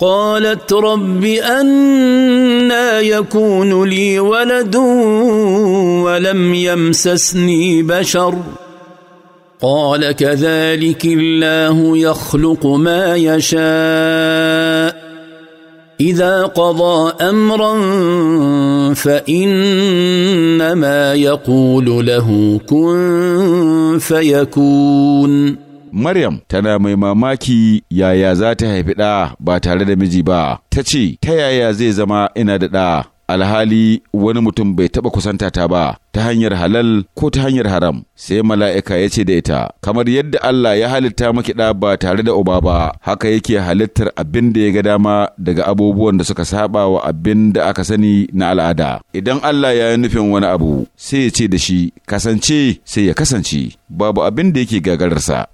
قالت رب أنا يكون لي ولد ولم يمسسني بشر قال كذلك الله يخلق ما يشاء إذا قضى أمرا فإنما يقول له كن فيكون Maryam tana mai mamaki yaya za ta haifi ɗa ba tare da miji ba, ta ce, Ta yaya zai zama ina da ɗa, alhali wani mutum bai taɓa kusanta ta ba, ta hanyar halal ko ta hanyar haram, sai mala'ika ya ce da ita, kamar yadda Allah ya halitta maki ɗa ba tare da uba ba, haka yake halittar abin da ya ga dama daga abubuwan da suka saba wa abin da aka sani na al'ada. Idan Allah ya yi nufin wani abu, sai ya ce da shi, kasance sai ya kasance, babu abin da yake gagararsa.